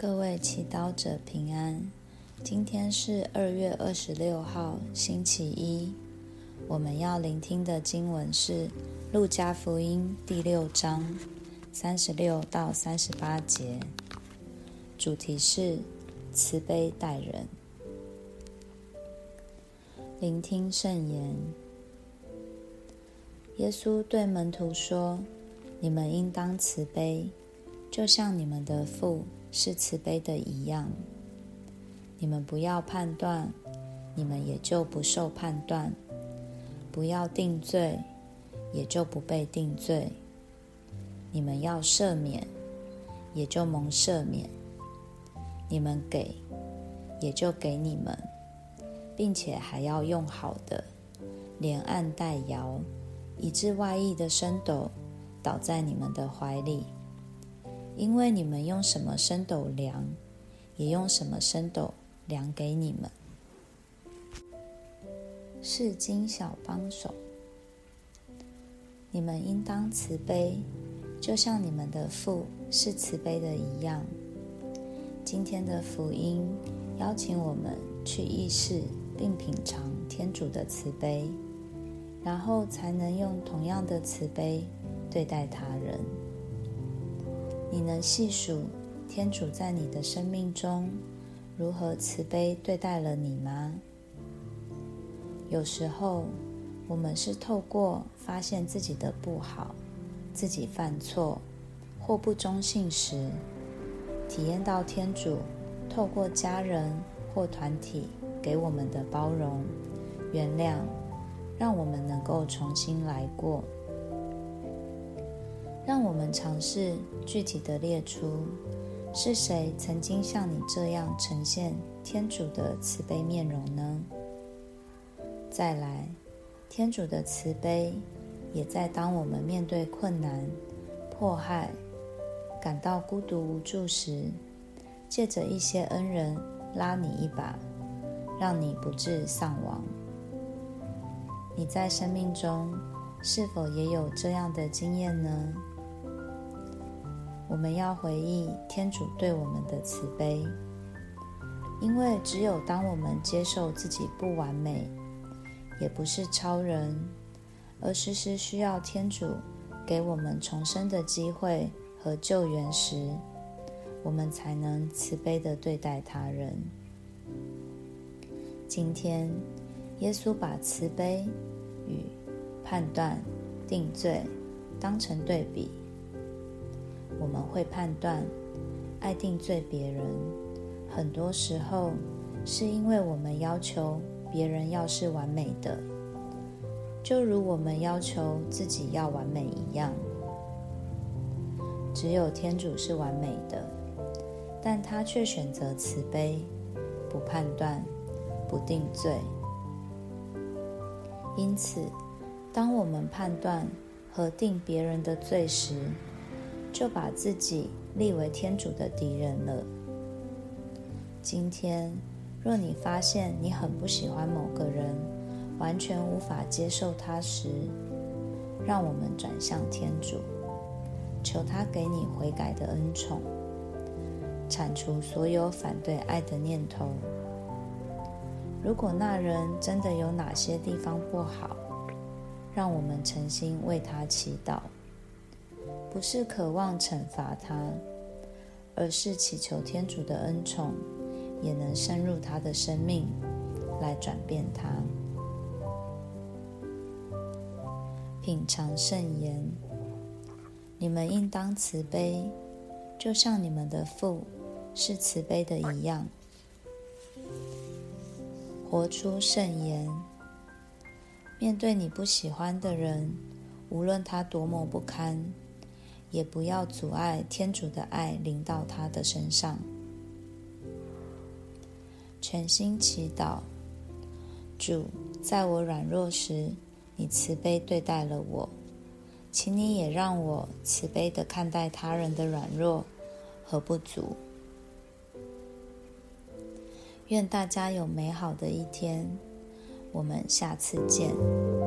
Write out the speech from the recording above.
各位祈禱者平安，今天是二月二十六號，星期一。我們要聆聽的經文是《路加福音》第六章三十六到三十八節，主題是慈悲待人。聆聽聖言，耶穌對門徒說：“你們應當慈悲。”就像你們的父是慈悲的一樣，你們不要判斷，你們也就不受判斷；不要定罪，也就不被定罪；你們要赦免，也就蒙赦免；你們給，也就給你們，並且還要用好的，連按帶搖，以致外溢的升斗，倒在你們的懷裡。因為你們用什麼升斗量，也用什麼升斗量給你們。釋經小幫手，你們應當慈悲，就像你們的父是慈悲的一樣。今天的福音邀請我們去意識並品嘗天主的慈悲，然後才能用同樣的慈悲對待他人。你能細數天主在你的生命中如何慈悲對待了你嗎？有時候，我們是透過發現自己的不好、自己犯錯或不忠信時，體驗到天主透過家人或團體給我們的包容、原諒，讓我們能夠重新來過。讓我們嘗試具體的列出，是誰曾經向你這樣呈現天主的慈悲面容呢？再來，天主的慈悲也在當我們面對困難、迫害，感到孤獨無助時，借着一些恩人拉你一把，讓你不至喪亡。你在生命中是否也有這樣的經驗呢？我們要回憶天主對我們的慈悲，因為只有當我們接受自己不完美，也不是超人，而時時需要天主給我們重生的機會和救援時，我們才能慈悲的對待他人。今天，耶穌把慈悲與判斷、定罪當成對比。我們會判斷、愛定罪別人，很多時候是因為我們要求別人要是完美的，就如我們要求自己要完美一樣。只有天主是完美的，但他卻選擇慈悲，不判斷、不定罪。因此，當我們判斷和定別人的罪時，就把自己立為天主的敵人了。今天，若你發現你很不喜歡某個人，完全無法接受他時，讓我們轉向天主，求他給你悔改的恩寵，鏟除所有反對愛的念頭。如果那人真的有哪些地方不好，讓我們誠心為他祈禱。不是渴望懲罰他，而是祈求天主的恩寵，也能滲入他的生命，來轉變他。品嘗聖言，你們應當慈悲，就像你們的父是慈悲的一樣。活出聖言，面對你不喜歡的人，無論他多麼不堪。也不要阻礙天主的愛臨到他的身上。全心祈禱，主，在我軟弱時，你慈悲對待了我，請你也讓我慈悲的看待他人的軟弱和不足。願大家有美好的一天，我們下次見。